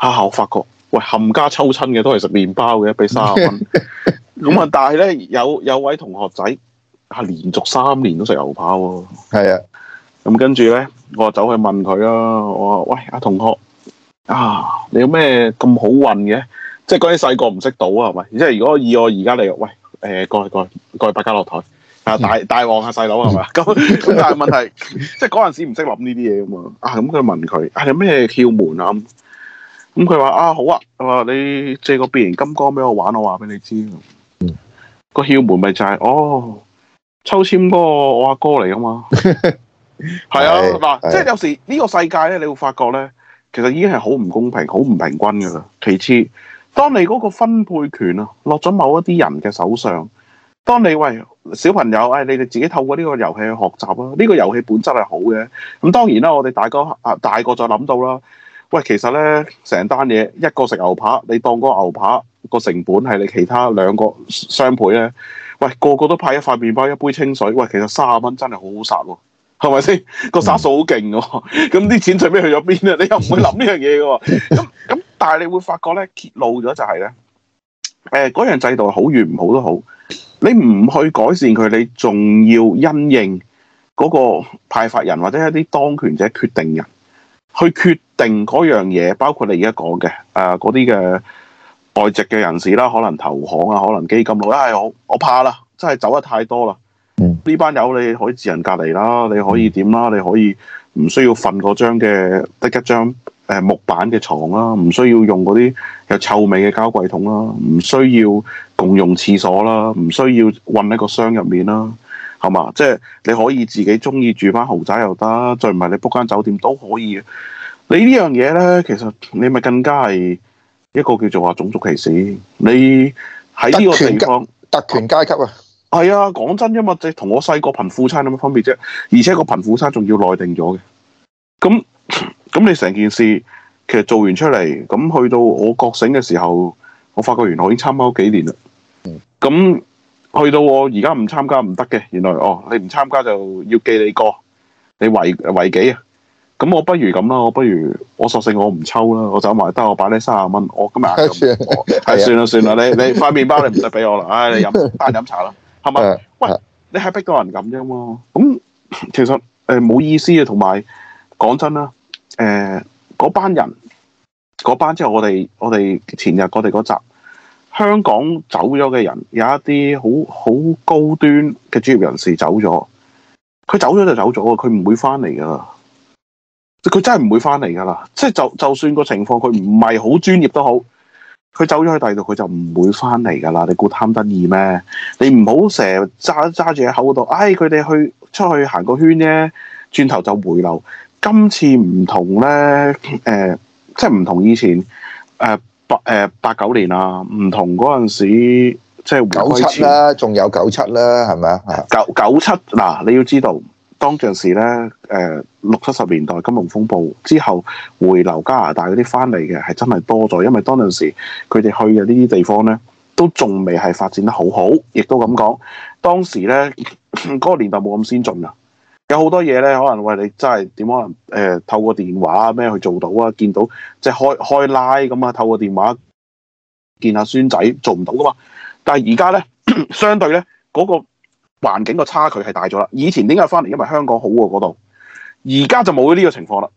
下、啊、下我發覺。喂，冚家抽親嘅都係食麵包嘅，俾卅蚊。咁啊， 但係咧有有位同學仔係連續三年都食牛扒喎。係啊，咁 跟住咧，我就走去問佢啦。我話喂，阿同學啊，你有咩咁好運嘅？即係嗰啲細個唔識賭啊，係咪？即係如果以我而家嚟，喂，誒、呃，過去過去過去百家樂台啊，大大王啊，細佬啊，係咪？咁 但係問題，即係嗰陣時唔識諗呢啲嘢啊嘛。啊，咁佢問佢，啊有咩竅門啊？咁佢話啊好啊，我話你借個變形金剛俾我玩，我話俾你知，個竅門咪就係哦，抽籤個我阿哥嚟噶嘛，係啊嗱，即係有時呢個世界咧，你會發覺咧，其實已經係好唔公平、好唔平均噶啦。其次，當你嗰個分配權啊落咗某一啲人嘅手上，當你喂小朋友，哎，你哋自己透過呢個遊戲去學習啦，呢個遊戲本質係好嘅。咁當然啦，我哋大個啊大個再諗到啦。喂，其實咧，成單嘢一個食牛扒，你當嗰牛扒個成本係你其他兩個雙倍咧。喂，個個都派一塊麵包、一杯清水。喂，其實卅蚊真係好好殺喎，哦，係咪先？個殺數好勁喎。咁啲錢最尾去咗邊啊？你又唔會諗呢樣嘢嘅。咁咁， 但係你會發覺咧，揭露咗就係、是、咧，誒、呃、嗰樣制度好與唔好都好，你唔去改善佢，你仲要因應嗰個派發人或者一啲當權者決定人。去決定嗰樣嘢，包括你而家講嘅，誒嗰啲嘅外籍嘅人士啦，可能投行啊，可能基金咯，唉、哎，我我怕啦，真係走得太多啦。呢、嗯、班友你可以自行隔離啦，你可以點啦，你可以唔需要瞓嗰張嘅得一張誒木板嘅床啦，唔需要用嗰啲有臭味嘅膠櫃桶啦，唔需要共用廁所啦，唔需要運喺個箱入面啦。係嘛，即係你可以自己中意住翻豪宅又得，再唔係你 book 間酒店都可以。你呢樣嘢咧，其實你咪更加係一個叫做話種族歧視。你喺呢個地方，權階啊，特權階級啊，係啊，講真啫嘛，即係同我細個貧富差咁分別啫。而且個貧富差仲要內定咗嘅。咁咁你成件事其實做完出嚟，咁去到我覺醒嘅時候，我發覺原來已經參考幾年啦。嗯、咁、嗯。去到我而家唔參加唔得嘅，原來哦，你唔參加就要記你過，你違違紀啊！咁我不如咁啦，我不如我索性我唔抽啦，我走埋得，我擺你三十蚊，我今日係算啦算啦，你你塊麵包你唔使俾我啦，唉，你飲單飲茶啦，係咪？ 喂，你係逼到人咁啫嘛？咁其實誒冇、呃、意思嘅，同埋講真啦，誒、呃、嗰班人嗰班之後、就是，我哋我哋前日我哋嗰集。香港走咗嘅人有一啲好好高端嘅專業人士走咗，佢走咗就走咗啊！佢唔會翻嚟噶啦，佢真係唔會翻嚟噶啦！即係就就算個情況佢唔係好專業都好，佢走咗去第二度，佢就唔會翻嚟噶啦！你估貪得意咩？你唔好成日揸揸住喺口度，哎！佢哋去出去行個圈啫，轉頭就回流。今次唔同咧，誒、呃，即係唔同以前誒。呃八八九年啊，唔同嗰陣時即係回歸啦，仲有九七啦，係咪啊？九九七嗱，你要知道，當陣時咧誒，六七十年代金融風暴之後，回流加拿大嗰啲翻嚟嘅係真係多咗，因為當陣時佢哋去嘅呢啲地方咧，都仲未係發展得好好，亦都咁講，當時咧嗰、嗰個年代冇咁先進啊。有好多嘢咧，可能為你真係點可能？誒、呃，透過電話咩去做到啊？見到即係開開拉咁啊，透過電話見下孫仔做唔到㗎嘛？但係而家咧，相對咧嗰、那個環境個差距係大咗啦。以前點解翻嚟？因為香港好過嗰度，而家就冇呢個情況啦。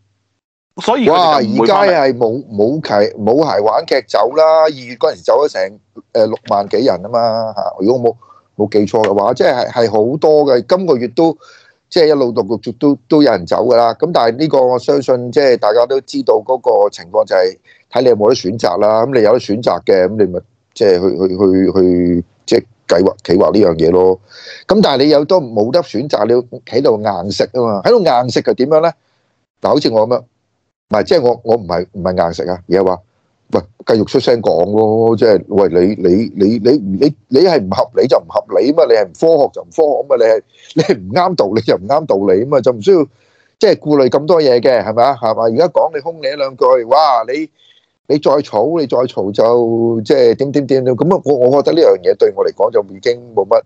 所以哇，而家係冇冇冇鞋玩劇走啦。二月嗰陣時走咗成誒六萬幾人啊嘛吓，如果冇冇記錯嘅話，即係係好多嘅。今個月都。即係一路陸陸續續都都有人走噶啦，咁但係呢個我相信即係大家都知道嗰個情況就係睇你有冇得選擇啦，咁你有得選擇嘅，咁你咪即係去去去去即係計劃企劃呢樣嘢咯，咁但係你有都冇得選擇，你企喺度硬食啊嘛，喺度硬食就點樣咧？嗱，好似我咁樣，唔係即係我我唔係唔係硬食啊，而係話。繼喂，繼續出聲講咯，即係喂，你你你你你你係唔合理就唔合理啊嘛，你係唔科學就唔科學啊嘛，你係你係唔啱道理就唔啱道理啊嘛，就唔需要即係顧慮咁多嘢嘅，係咪啊？係嘛？而家講你空你一兩句，哇！你你再吵你再嘈，再就即係點點點咁啊！我我覺得呢樣嘢對我嚟講就已經冇乜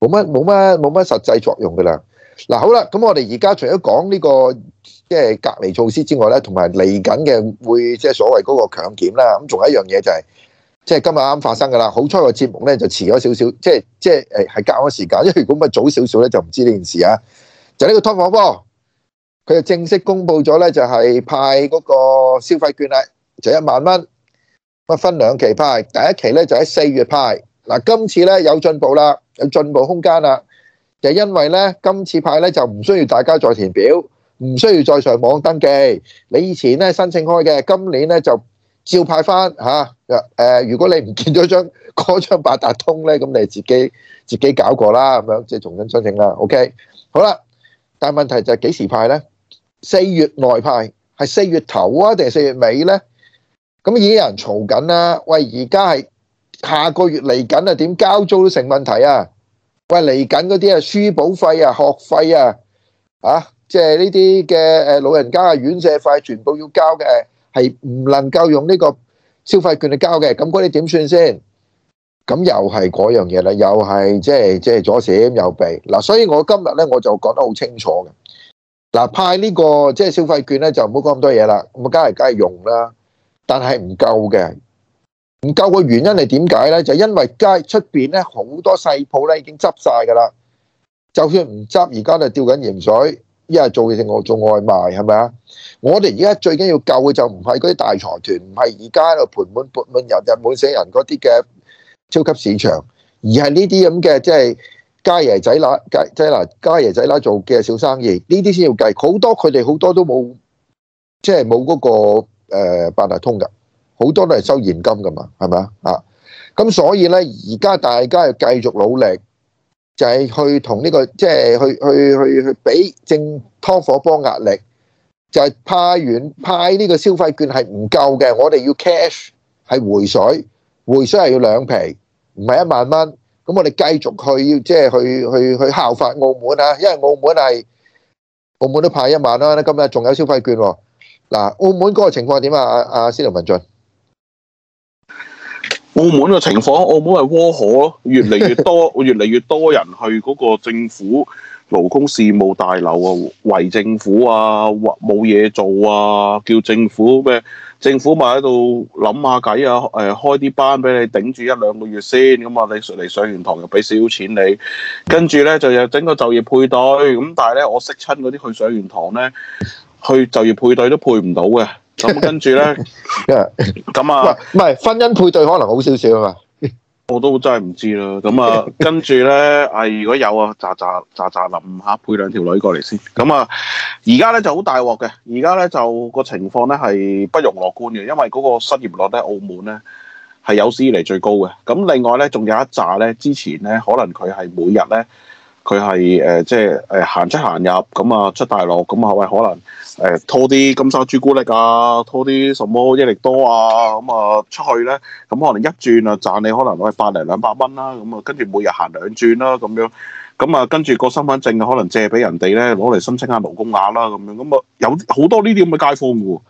冇乜冇乜冇乜實際作用噶啦。嗱，好啦，咁我哋而家除咗講呢個即係隔離措施之外咧，同埋嚟緊嘅會即係所謂嗰個強檢啦，咁仲有一樣嘢就係即係今日啱發生噶啦，好彩個節目咧就遲咗少少，即係即係誒係隔開時間，因為如果唔係早少少咧就唔知呢件事啊。就呢個陳茂波，佢就正式公布咗咧，就係派嗰個消費券啊，就一萬蚊，乜分兩期派，第一期咧就喺四月派。嗱，今次咧有進步啦，有進步空間啦。就因為咧，今次派咧就唔需要大家再填表，唔需要再上網登記。你以前咧申請開嘅，今年咧就照派翻吓。誒、啊呃，如果你唔見咗張張八達通咧，咁你自己自己搞過啦，咁樣即係重新申請啦。OK，好啦。但係問題就係幾時派咧？四月內派係四月頭啊，定係四月尾咧？咁已經有人嘈緊啦。喂，而家係下個月嚟緊啊，點交租都成問題啊！喂，嚟緊嗰啲啊，書簿費啊，學費啊，啊，即係呢啲嘅，誒，老人家啊，院舍費全部要交嘅，係唔能夠用呢個消費券嚟交嘅，咁嗰啲點算先？咁又係嗰樣嘢啦，又係即係即係左閃右避嗱，所以我今日咧我就講得好清楚嘅嗱，派呢個即係消費券咧就唔好講咁多嘢啦，咁梗係梗係用啦，但係唔夠嘅。唔夠嘅原因係點解咧？就因為街出邊咧好多細鋪咧已經執曬噶啦，就算唔執，而家都係吊緊鹽水，一係做正我做外賣係咪啊？我哋而家最緊要救嘅就唔係嗰啲大財團，唔係而家喺度盤滿砵滿入入滿死人嗰啲嘅超級市場，而係呢啲咁嘅即係街爺仔乸、街即係嗱街爺仔乸做嘅小生意，呢啲先要計。好多佢哋好多都冇，即係冇嗰個誒八達通噶。好多都係收現金噶嘛，係咪啊？啊，咁所以呢，而家大家要繼續努力，就係去同呢個即係去去去去俾政湯火幫壓力，就係派完派呢個消費券係唔夠嘅，我哋要 cash 係回水，回水係要兩皮，唔係一萬蚊。咁我哋繼續去要即係去去去效法澳門啊，因為澳門係澳門都派一萬啦。今日仲有消費券喎，嗱，澳門嗰個情況點啊？阿阿司徒文進。澳門嘅情況，澳門係窩河，越嚟越多，越嚟越多人去嗰個政府勞工事務大樓啊，為政府啊，冇嘢做啊，叫政府咩？政府咪喺度諗下計啊？誒、哎，開啲班俾你頂住一兩個月先咁啊！你嚟上完堂又俾少少錢你，跟住咧就又整個就業配對。咁但係咧，我識親嗰啲去上完堂咧，去就業配對都配唔到嘅。咁跟住咧，咁啊，唔係婚姻配對可能好少少啊嘛，我都真係唔知啦。咁啊，跟住咧，哎，如果有啊，扎扎扎扎諗下配兩條女過嚟先。咁啊，而家咧就好大鑊嘅，而家咧就個情況咧係不容樂觀嘅，因為嗰個失業率咧澳門咧係有史以嚟最高嘅。咁另外咧，仲有一扎咧，之前咧可能佢係每日咧。佢係誒，即係誒、呃、行出行入，咁啊出大陸，咁啊喂，可能誒、呃、拖啲金莎朱古力啊，拖啲什麼益力多啊，咁啊出去咧，咁可能一轉啊賺你可能攞係百零兩百蚊啦，咁啊跟住每日行兩轉啦，咁樣，咁啊跟住個身份證可能借俾人哋咧，攞嚟申請下勞工卡、啊、啦，咁樣，咁啊有好多呢啲咁嘅街坊嘅。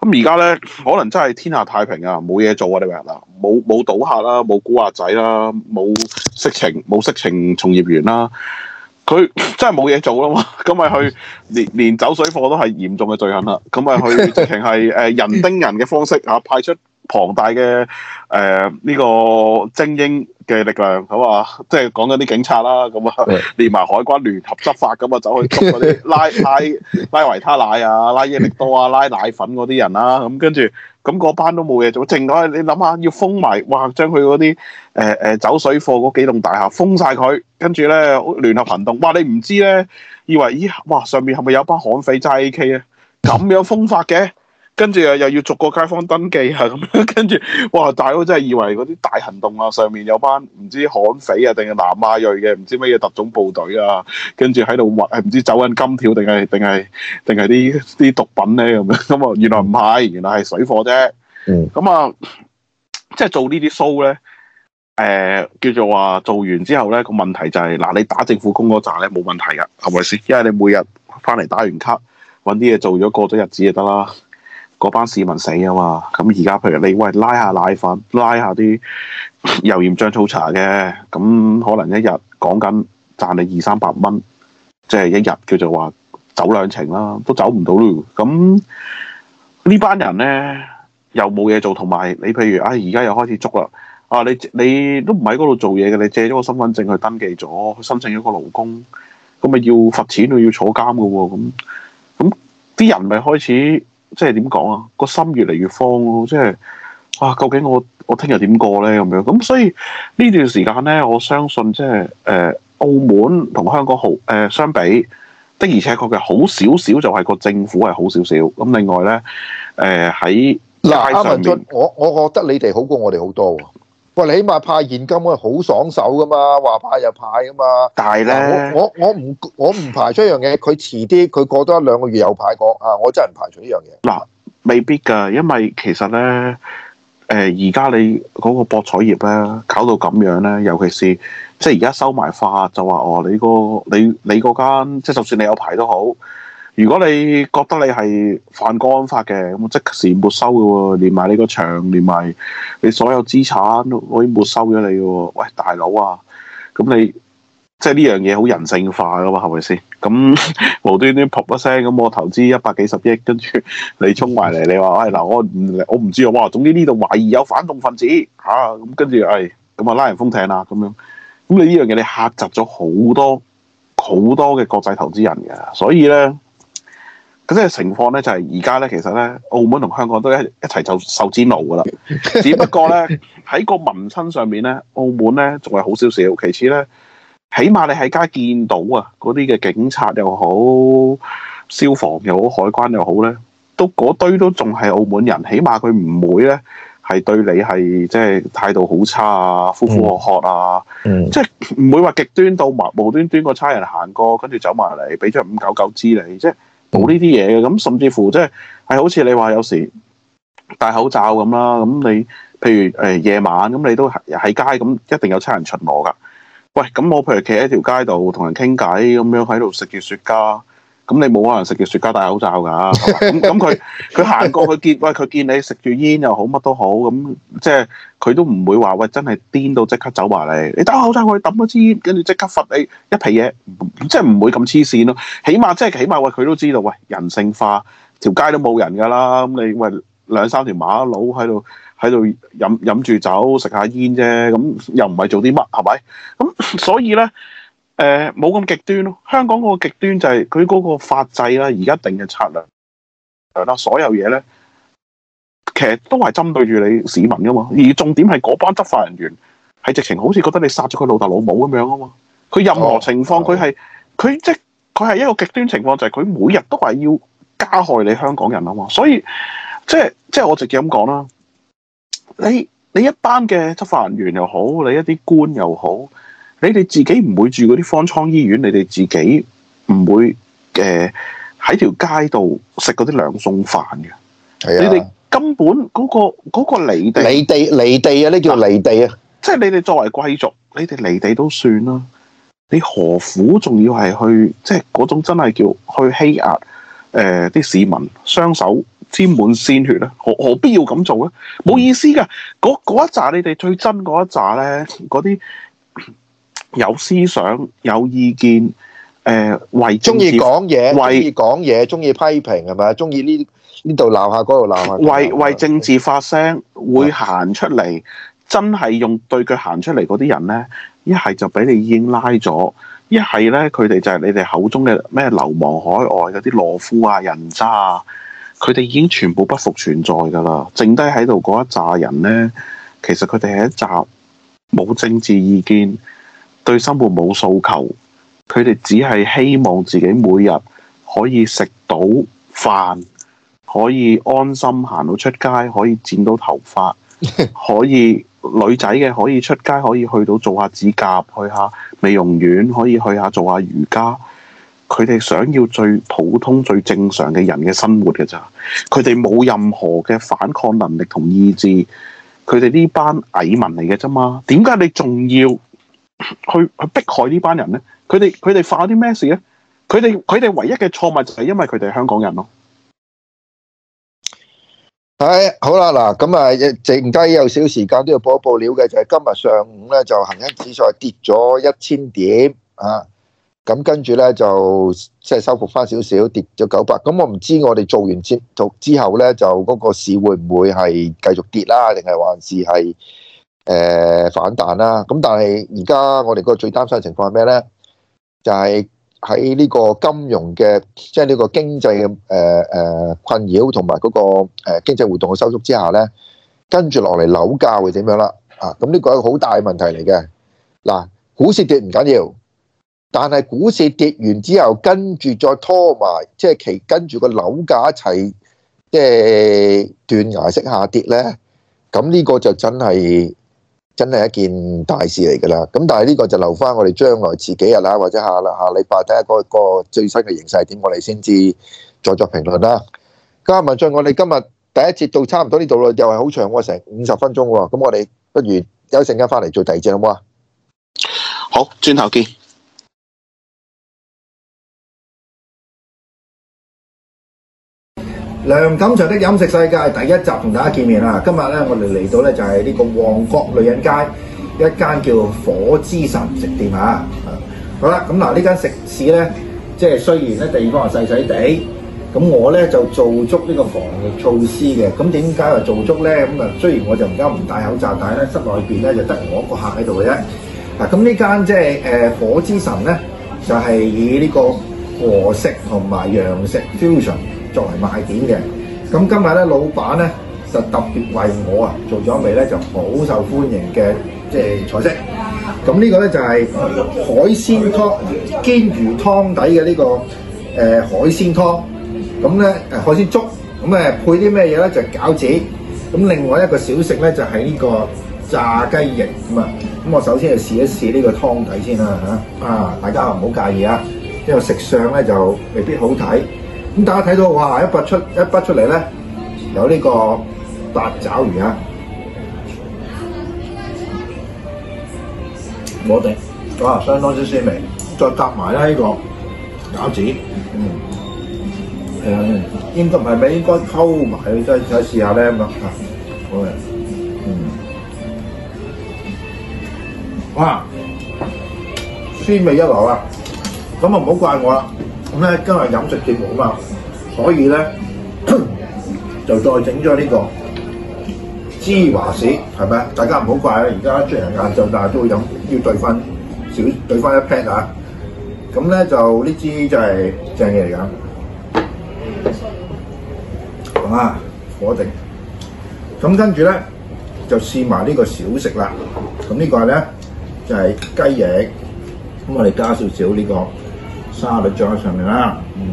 咁而家咧，可能真係天下太平啊，冇嘢做啊，你明啊？冇冇賭客啦，冇古惑仔啦，冇色情冇色情從業員啦、啊，佢真係冇嘢做啊嘛，咁咪去連連走水貨都係嚴重嘅罪行啦、啊，咁咪去直情係誒人盯人嘅方式啊，派出。龐大嘅誒呢個精英嘅力量咁啊，即係講緊啲警察啦，咁啊是的 連埋海關聯合執法咁啊，走去捉嗰啲拉拉拉維他奶啊、拉益力多啊、拉奶粉嗰啲人啦、啊，咁跟住咁嗰班都冇嘢做，淨係你諗下要封埋，哇！將佢嗰啲誒誒走水貨嗰幾棟大廈封晒佢，跟住咧聯合行動，哇！你唔知咧，以為咦？哇！上面係咪有班悍匪揸 AK 咧？咁樣封法嘅？跟住啊，又要逐個街坊登記啊，咁樣跟住，哇！大佬真係以為嗰啲大行動啊，上面有班唔知悍匪啊，定係南亞裔嘅，唔知乜嘢特種部隊啊，跟住喺度揾，唔知走緊金條定係定係定係啲啲毒品咧咁樣。咁啊，原來唔係，原來係水貨啫。嗯。咁啊，即係做呢啲 show 咧，誒、呃、叫做話做完之後咧，個問題就係、是、嗱，你打政府工嗰陣咧冇問題噶，係咪先？因為你每日翻嚟打完卡，揾啲嘢做咗過咗日子就得啦。嗰班市民死啊嘛！咁而家譬如你喂拉下奶粉，拉下啲油鹽醬醋茶嘅，咁、嗯、可能一日講緊賺你二三百蚊，即係一日叫做話走兩程啦，都走唔到。咁、嗯、呢班人咧又冇嘢做，同埋你譬如啊，而、哎、家又開始捉啦！啊，你你都唔喺嗰度做嘢嘅，你借咗個身份證去登記咗，去申請咗個勞工，咁咪要罰錢，佢要坐監嘅喎！咁咁啲人咪開始。即係點講啊？個心越嚟越慌咯、啊，即係哇、啊！究竟我我聽日點過咧咁樣？咁所以呢段時間咧，我相信即係誒，澳門同香港好誒、呃、相比，的而且確嘅好少少，就係個政府係好少少。咁另外咧，誒、呃、喺街上面、啊，我我覺得你哋好過我哋好多。哇！你起碼派現金嗰個好爽手噶嘛，話派就派噶嘛。但係咧，我我唔我唔排除一樣嘢，佢遲啲佢過多一兩個月又派過啊！我真係唔排除呢樣嘢。嗱，未必㗎，因為其實咧，誒而家你嗰個博彩業咧，搞到咁樣咧，尤其是即係而家收埋化就話哦，你個你你嗰間即係就算你有牌都好。如果你覺得你係犯國安法嘅，咁即時沒收㗎喎，連埋你個場，連埋你所有資產，我已經沒收咗你嘅喎。喂，大佬啊，咁你即係呢樣嘢好人性化㗎嘛，係咪先？咁無端端卜一聲，咁我投資一百幾十億，跟住你沖埋嚟，你話，哎嗱，我唔，我唔知啊。哇，總之呢度懷疑有反動分子嚇，咁跟住，哎，咁啊拉人封艇啦，咁樣，咁你呢樣嘢你嚇窒咗好多好多嘅國際投資人嘅，所以咧。咁呢個情況咧，就係而家咧，其實咧，澳門同香港都一一齊就受煎熬噶啦。只不過咧，喺 個民生上面咧，澳門咧仲係好少少。其次咧，起碼你喺街見到啊，嗰啲嘅警察又好，消防又好，海關又好咧，都嗰堆都仲係澳門人。起碼佢唔會咧係對你係即係態度好差啊，呼呼喝喝啊，嗯、即係唔、嗯、會話極端到無，無端端個差人行過，跟住走埋嚟俾咗五九九支你，即係。冇呢啲嘢嘅，咁甚至乎即、就、係、是，係好似你話有時戴口罩咁啦，咁你譬如誒、呃、夜晚咁，你都喺街咁一定有差人巡邏噶。喂，咁我譬如企喺條街度同人傾偈咁樣喺度食住雪茄。咁你冇可能食嘅雪茄戴口罩㗎，咁佢佢行過去見喂佢見你食住煙又好乜都好，咁即係佢都唔會話喂真係癲到即刻走埋嚟，你戴口罩去抌一支煙，跟住即刻罰你一皮嘢，即係唔會咁黐線咯。起碼即係起碼喂佢都知道喂人性化，條街都冇人㗎啦。咁你喂兩三條馬佬喺度喺度飲飲住酒食下煙啫，咁、嗯、又唔係做啲乜係咪？咁所以咧。誒，冇咁極端咯。香港嗰個極端就係佢嗰個法制啦，而家定嘅策略係啦，所有嘢咧，其實都係針對住你市民噶嘛。而重點係嗰班執法人員係直情好似覺得你殺咗佢老豆老母咁樣啊嘛。佢任何情況佢係佢即佢係一個極端情況就係，是，佢每日都係要加害你香港人啊嘛。所以即係即係我直接咁講啦。你你一班嘅執法人員又好，你一啲官又好，你哋自己唔會住嗰啲方艙醫院，你哋自己唔會誒喺條街度食嗰啲兩餸飯嘅。係啊，你哋根本嗰個嗰個離地離地離地啊！呢叫離地啊！即係你哋作為貴族，你哋離地都算啦。你何苦仲要係去即係嗰種真係叫去欺壓誒啲市民，雙手沾滿鮮血咧？何何必要咁做咧？冇意思噶！嗰一扎你哋最真嗰一扎咧，嗰啲。有思想、有意見，誒為中意講嘢，為講嘢，中意批評係咪？中意呢呢度鬧下，嗰度鬧下，下為為政治發聲，的會行出嚟，真係用對腳行出嚟嗰啲人呢，一係就俾你已經拉咗，一係呢，佢哋就係你哋口中嘅咩流亡海外嗰啲懦夫啊、人渣啊，佢哋已經全部不復存在㗎啦，剩低喺度嗰一紮人呢，其實佢哋係一紮冇政治意見。對生活冇訴求，佢哋只係希望自己每日可以食到飯，可以安心行到出街，可以剪到頭髮，可以女仔嘅可以出街，可以去到做下指甲，去下美容院，可以去下做下瑜伽。佢哋想要最普通、最正常嘅人嘅生活㗎咋？佢哋冇任何嘅反抗能力同意志，佢哋呢班蟻民嚟嘅啫嘛？點解你仲要？去去逼害呢班人咧，佢哋佢哋犯咗啲咩事咧？佢哋佢哋唯一嘅錯誤就係因為佢哋係香港人咯。唉、哎，好啦，嗱咁啊，剩低有少少時間都要播一播料嘅，就係、是、今日上午咧就恒生指數跌咗一千點啊，咁跟住咧就即係收復翻少少，跌咗九百。咁我唔知我哋做完節目之後咧，就嗰個市會唔會係繼續跌啦，定係還是係？誒，反彈啦！咁但係而家我哋嗰個最擔心嘅情況係咩咧？就係喺呢個金融嘅，即係呢個經濟嘅，誒誒困擾同埋嗰個誒經濟活動嘅收縮之下咧，跟住落嚟樓價會點樣啦？啊！咁呢個係一個好大問題嚟嘅。嗱，股市跌唔緊要，但係股市跌完之後，跟住再拖埋，即係其跟住個樓價一齊，即係斷崖式下跌咧。咁呢個就真係～真係一件大事嚟噶啦，咁但係呢個就留翻我哋將來遲幾日啦，或者下啦下禮拜睇下嗰個最新嘅形勢點，我哋先至再作評論啦。加埋文進，我哋今日第一節到差唔多呢度咯，又係好長喎，成五十分鐘喎，咁我哋不如休息間翻嚟做第二節好唔好啊？好，轉頭見。梁錦祥的飲食世界第一集同大家見面啦！今日咧，我哋嚟到咧就係、是、呢個旺角女人街一間叫火之神食店啊！好啦，咁、啊、嗱呢間食肆咧，即係雖然咧地方係細細地，咁我咧就做足呢個防疫措施嘅。咁點解話做足咧？咁啊，雖然我就而家唔戴口罩，但係咧室內邊咧就得我一個客喺度嘅啫。嗱、啊，咁呢間即係誒火之神咧，就係、是、以呢個和式同埋洋式 fusion。作為賣點嘅，咁今日咧，老闆咧就特別為我啊做咗一味咧就好受歡迎嘅即係菜式。咁呢個咧就係海鮮湯，煎魚湯底嘅呢個誒海鮮湯。咁咧誒海鮮粥，咁誒配啲咩嘢咧？就係餃子。咁另外一個小食咧就係呢個炸雞翼。咁啊，咁我首先就試一試呢個湯底先啦吓。啊，大家唔好介意啊，因為食相咧就未必好睇。大家睇到哇，一筆出一筆出嚟咧，有呢個八爪魚啊，我哋、嗯、相當之鮮味，再夾埋咧呢個餃子，嗯，係啊，是啊，是啊應該不是，應該唔係咩？應該溝埋，再試下呢。咁好嘅，嗯，哇，鮮味一流啊，咁就唔好怪我啦。咁咧今日飲食節目啊嘛，所以咧 就再整咗呢個芝華士，係咪啊？大家唔好怪啊！而家出人晏晝，但係都會飲，要兌翻少兌翻一 pat 啊！咁咧就呢支就係正嘢嚟㗎，咁啊，火定。咁跟住咧就試埋呢個小食啦。咁呢個咧就係、係、雞翼，咁我哋加少少呢、呢個。沙律醬喺上面啦，嗯，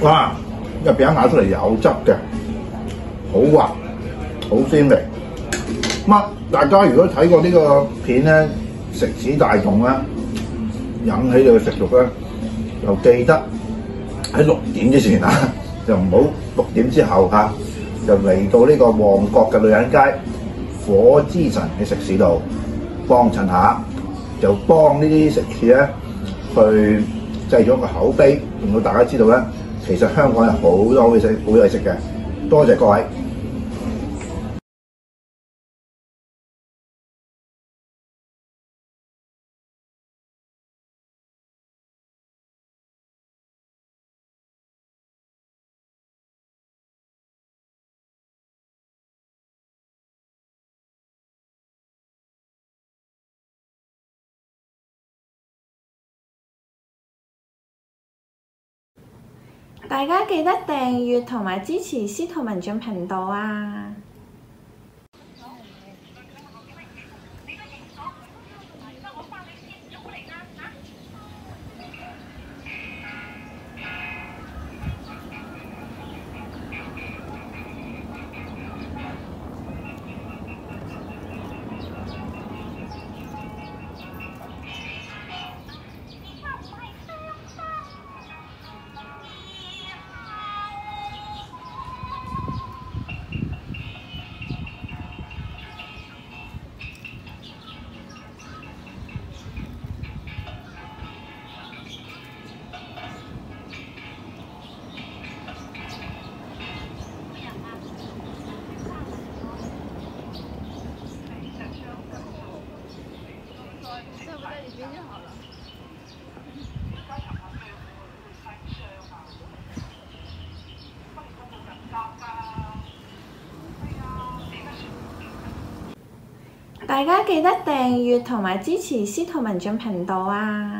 哇，一餅咬出嚟有汁嘅，好滑，好鮮味。咁大家如果睇過呢個片咧，食指大動咧，引起你嘅食慾咧，就記得喺六點之前啊，就唔好六點之後嚇、啊，就嚟到呢個旺角嘅女人街火之神喺食肆度幫襯下。就幫這些呢啲食肆咧，去製咗個口碑，令到大家知道咧，其實香港有好多好嘢食，好嘢食嘅。多謝各位。大家記得訂閱同埋支持司徒文進頻道啊！大家記得訂閱同埋支持司徒文進頻道啊！